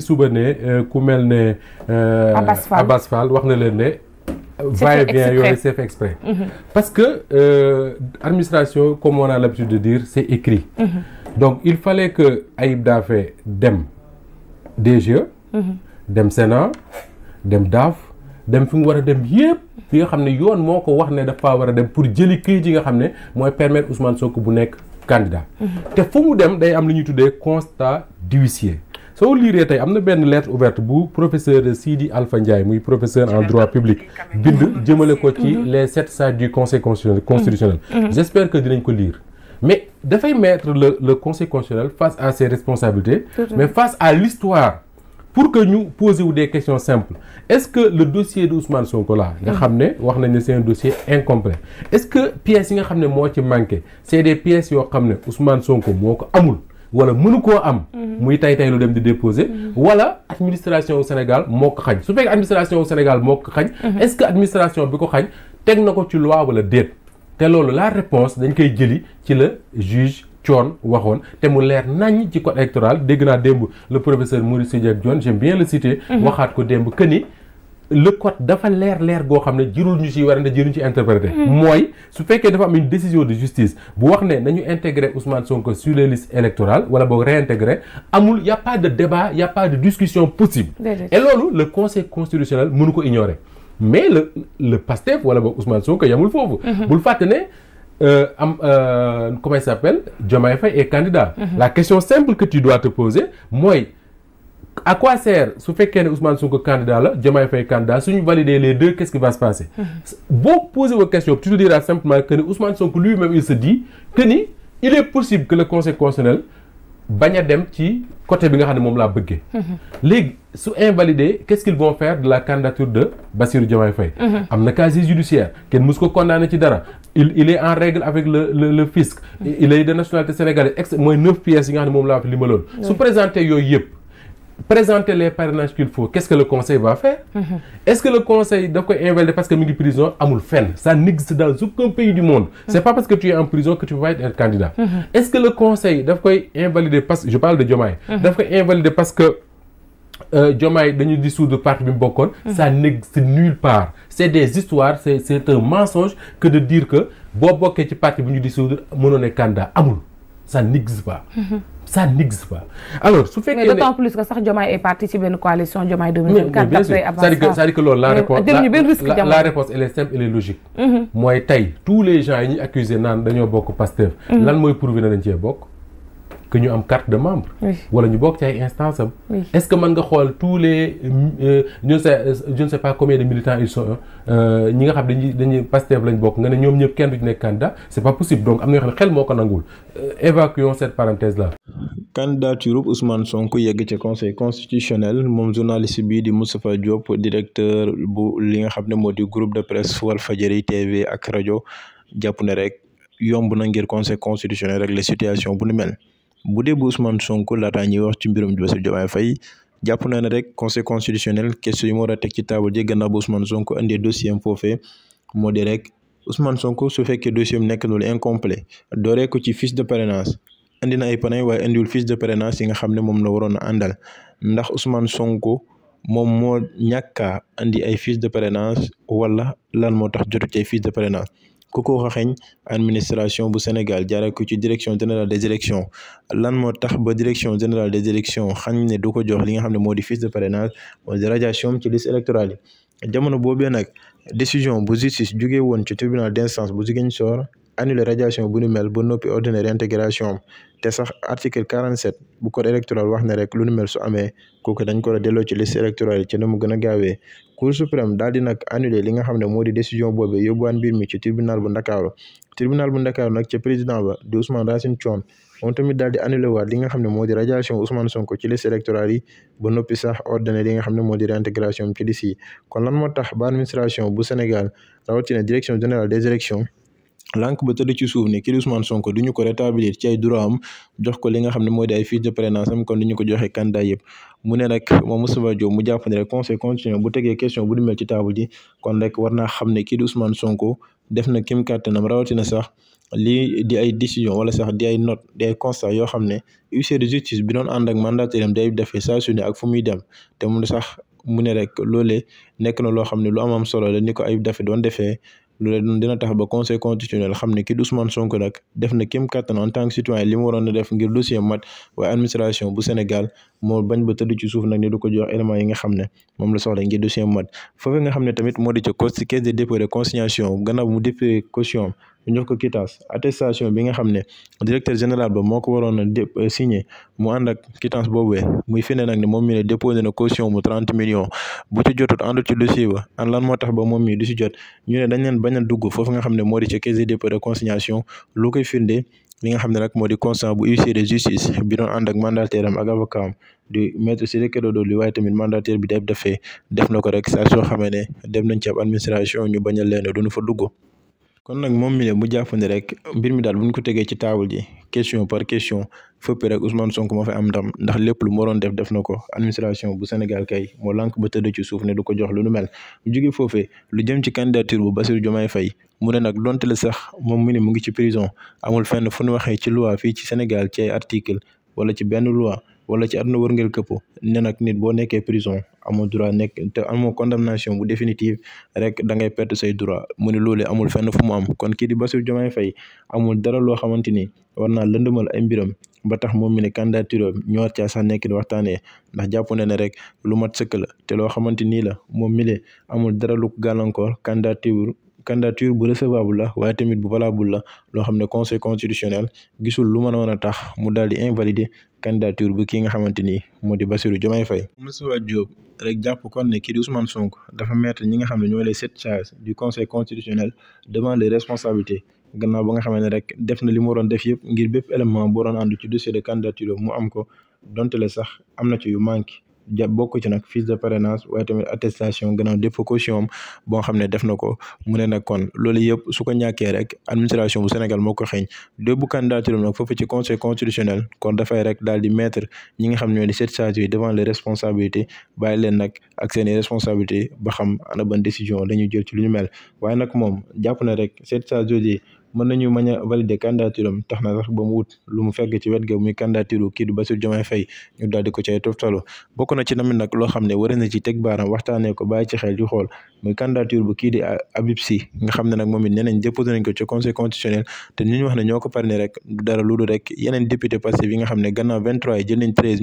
suba ne euh, ku mel ne. Euh, Abbas wax na leen ne. va et vient yooyu c'est fait mhm. parce que euh, administration comme on a de dire c'est écrit. Mm -hmm. donc il fallait que Ayib Daffé dem DGE. Mhm. dem Sénat dem DAF dem fi mu war a dem yépp fi nga xam ne yoon moo ko wax ne dafa war a dem pour jëli këyit yi nga xam ne mooy permettre Ousmane Sonko bu nekk candidat. Mhm. te fu mu dem day am lu ñuy tuddee constat d'huissier. soo liiree tey am na benn lettre ouverte bu professeur Sidi Alpha Ndiaye muy professeur en droit public bind jëmale ko ci les sept sages du conseil constitutionnel mm-hmm. j'espère que dinañ ko lire mais dafay mettre le le conseil constitutionnel face à ses responsabilités mais face à l'histoire pour que ñu poser wu de questions simples est-ce que le dossier de Ousmane Sonko la nga xam ne wax nañ ne c'est un dossier incomplet est-ce que pièces yi nga xam ne moo ci manqué c'est des pièces yoo xam ne Ousmane Sonko moo ko amul wala mënu koo am mhm. muy tay tay lu dem di déposer mhm. wala administration Sénégal moo ko xañ su fekkee administration Sénégal moo xañ mhm. est-ce que administration bi ko xañ teg na ko ci loi wala déet te loolu la réponse dañ koy jëli ci la juge coon waxoon te mu leer nañ ci code électoral dégg naa démb le professeur Maurice Soudieck Dione j'aime bien le citer waxaat ko démb que le code dafa leer leer goo xam ne jërul ñu ci warante jëruñ ci interpréter mm. mooy su fekkee dafa am une décision de justice bu wax ne nañu intégrer Ousmane Sonko sur les listes électorales wala boog réintégrer amul y a pas de débat y a pas de discussion possible et loolu le conseil constitutionnel mënu ko ignorer mais le le Pastef wala boog Ousmane Sonko yamul foofu mm-hmm. bul fàtte ne euh, am euh, comment il s'appelle Diomaye Faye est candidat mm-hmm. la question simple que tu dois te poser mooy à su fekkee ne Ousmane Sonko candidat la Diomaye Faye candidat suñu valider les deux qu'est-ce qui va question tu te ni il possible que le conseil constitutionnel a dem ci côté bi nga xam ne moom laa bëggee. léegi su invalider qu'est-ce faire de la candidature de Bassirou Diomaye Faye. am na casier judiciaire kenn mësu ko condamné ci dara. il il en règle avec le le le il est de nationalité sénégalaise ex mooy neuf pièces yi présenter les parrainages qu'il faut qu'est-ce que le conseil va faire mm-hmm. est-ce que le conseil daf koy invalider parce que mu ngi prison amul fenn ça n'existe dans aucun pays du monde mm-hmm. c'est pas parce que tu es en prison que tu peux pas être candidat mm-hmm. est-ce que le conseil daf koy invalider parce que je parle de Diomaye daf koy invalider parce que euh, Diomaye dañu dissoudre parti bi mu bokkoon ça n'existe nulle part c'est des histoires c'est c'est un mensonge boo bokkee ci bi ñu dissoudre mënoo nekk candidat amul ça n'existe pas ça n'existe pas alors su fekkee mais d'autant plus que sax Diomaye est parti ci benn coalition Diomaye 2024. bien sûr c'est-à-dire que loolu la réponse la la réponse elle est simple logique. Mhm. mooy tey tous les gens yi ñuy accusé naan dañoo bokk Pastef. Mhm. lan mooy prouver na dañ bokk. que ñu am carte de membre. wala ñu bokk ci ay instances am. est-ce que man nga xool tous les euh, je ne sais je ne sais pas combien militants ils sont euh, ñi nga xam dañuy dañuy Pastef lañ bokk nga ne ñoom ñëpp kenn du ci nekk candidat c'est pas possible donc am na yoo xam ne xel moo ko nanguwul euh, évacuons cette parenthèse yegg ci conseil constitutionnel moom journaliste bii di Moustapha Diop directeur bu li nga xam ne moo di groupe de presse Walfadjri TV ak rajo jàpp ne rek yomb na ngir conseil constitutionnel rek les situation bu nu mel. bu dee bu Ousmane Sonko laataa ñuy wax ci mbirum Bassirou Diomaye Faye jàpp naa ne rek conseil constitutionnel question yi mu war a teg ci table ji gannaaw bu Ousmane Sonko indee dossier am foofee moo di rek Ousmane Sonko su fekkee dossier am nekk loolu incomplet dooree ko ci fiche de parrainage indi na ay parrain waaye indiwul fiche de parrainage yi nga xam ne moom la waroon a ndax Ousmane Sonko moom moo ñàkkaa indi ay fiche de parrainage wala lan moo tax jotu ci ay de parrainage ku ko xaxeñ administration bu Sénégal jaare ko ci direction générale des élections lan moo tax ba direction générale des élections xañ ne du ko jox li nga xam ne moo di fiche de parrainage moo di radiation ci liste électorale yi jamono boobee nag décision bu justice jugee woon ci tribunal d'instance bu Ziguinchor annulé radiation bu nu mel ba noppi ordonné réintégration am te sax article 47 bu code électoral wax ne rek lu nu mel su amee kooku ko war a delloo ci liste électorale yi ci na mu gën a gaawee cour daal di nag annulé li nga xam ne moo di décision boobe yóbbuwaan mbir mi ci tribunal bu ndakaaru tribunal bu ndakaaru nag ca président ba di Ousmane Racine Thion moom tamit daal di annulé waat li nga xam ne moo di radiation Ousmane Sonko ci liste électorale yi ba n sax nga xam ne moo di réintégration ci liste yi kon lan moo tax ba administration bu Sénégal rawatina direction générale des élections lànk ba tëdd ci suuf ne kii Ousmane Sonko du ñu ko rétablir ci ay droit am jox ko li nga xam ne mooy di ay fiche de parrainage am kon du ñu ko joxe candidat yëpp mu ne nag moom Moustapha Diop mu jàpp ne rek conseil constitutionnel bu tegee question bu du ci table ji kon rek war naa xam ne kii di Sonko def na kim kàttanam rawatina sax lii di ay décision wala sax di ay note di ay constat yoo xam ne huissier de justice bi noon ànd ak mandataire am day defee saa su ne ak fu muy dem te mu sax mu ne rek loolee nekk na loo xam ne lu am solo la ni ko ay dafe doon defee loolu dina tax ba conseil constitutionnel xam ne kii di Ousmane Sonko nag def na kéem kattan en tant que citoyen li mu waroon a def ngir dossier mat waaye administration bu Sénégal moo bañ ba tëdd ci suuf nag ni du ko jox éléments yi nga xam ne moom la soxla ngir dossier mat foofu nga xam ne tamit moo di ca caisse de dépôt et consignation gannaaw mu déposé caution ñu jox ko quittance attestation bi nga xam ne directeur général ba moo ko waroon a euh, signé mu ànd ak quittance boobee muy fi ne nag ne moom mi ne déposé na caution mu trente millions bu ci jotut àndul ci dossier ba an lan moo tax ba moom mi du si jot ñu ne dañ leen bañ a dugg foofu nga xam ne moo di ci caisse de dépôt de consignation lu koy firnde xam ne nag moo di constat bu huissier de justice bi doon ànd ak mandataire am ak avocat am di maître Ciré Clédor Ly waaye tamit mandataire bi def dafee def na ko rek saa soo xamee ne dem nañ ci ab administration ñu bañal leen duñu fa dugg kon nag moom mi ne mu jàpp ne rek mbir mi daal bu ñu ko tegee ci table ji question par question fëpp rek Ousmane Sonko moo fi am ndam ndax lépp lu mu def def na ko administration bu Sénégal kay moo lank ba tëdd ci suuf ne du ko jox lu nu mel mu jóge foofee lu jëm ci candidature bu Bassirou Diomaye fay mu ne nag donte la sax moom mi ne mu ngi ci prison amul fenn fu nu waxee ci luwa fii ci Sénégal ci ay wala ci benn loi wala ci àdduna wërngel këpp ne nag nit boo nekkee prison amoo droit nekk te amoo condamnation bu définitive rek da ngay perte say droit mu ne loolee amul fenn fu mu am kon kii di Bassirou Diomaye Faye amul dara loo xamante ni war naa lëndëmal ay mbiram ba tax moom mi ne candidature am ñor caa sax nekk waxtaanee ndax jàpp na ne rek lu mat sëkk la te loo xamante nii la moom mi amul dara lu ko gàllankoor candidature candidature bu recevable la waaye tamit bu valable la loo xam ne conseil constitutionnel gisul lu mën a mën a tax mu daal di invalider candidature bu kii nga xamante ni moo di Bassirou Diomaye Faye Moustapha Diop rek jàpp kon ne kii di Ousmane Sonko dafa mettre ñi nga xam ne ñoo les sept sages du conseil constitutionnel devant les gannaaw ba nga xam ne rek def na li mu waroon def yëpp ngir bépp élément boo doon ànd ci dossier de candidature mu am ko donte le sax am na ci yu manqué ja bokk ci nag fiche de parrainage waaye tamit attestation gannaaw dépôt caution boo xam ne def na ko mu ne na kon loolu yëpp su ko ñàkkee rek administration bu Sénégal moo ko xeeñ débbu candidature am nag foofu ci conseil constitutionnel kon dafay rek daal di mettre ñi nga xam ne ñoo di sept sages yi devant les responsabilités bàyyi leen nag ak seen i responsabilités ba xam ana ban décision la jël ci lu ñu mel waaye nag moom jàpp na rek sept sages yi mën nañu mañ a valider candidature am tax na sax ba mu wut lu mu fekk ci wet ga muy candidature kii du Bassirou Diomaye Faye ñu daal na loo xam ne war na ci teg waxtaanee ko bàyyi ci xel muy candidature bu kii di Habib nga xam ne nag moom it ñeneen déposé nañ ko ci conseil constitutionnel te ñu wax ne ñoo ko parrainé rek du dara lu dul rek yeneen député Pastef nga xam ne gannaaw 23 yi jël nañ 13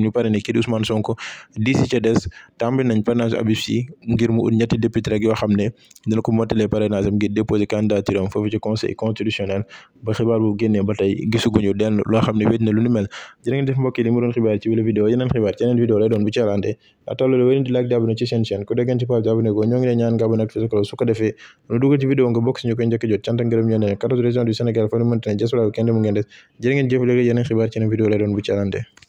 ñu ngir mu ut ñetti député rek yoo xam ne dina ko mottalee parrainage am ngir déposé candidature am foofu conseil constitutionnel ba xibaar boobu génnee ba tey gisuguñu denn loo xam ne wéet na lu ni mel jërë ngeen def mbokk yi li mu doon xibaar ci wala vidéo yeneen xibaar ci yeneen vidéo lay doon bu ci alante ataloolu wéy ci seen chaîne ku déggeen ci page di abonné ko ñoo ngi ñaan nga abonné ak fisakalo su ko defee dugal ci vidéo nga bokk si ñu jot cant ak ngërëm ñoo ne 14 du Sénégal fa nu mënte ne jasolabu kenn lay doon bu ci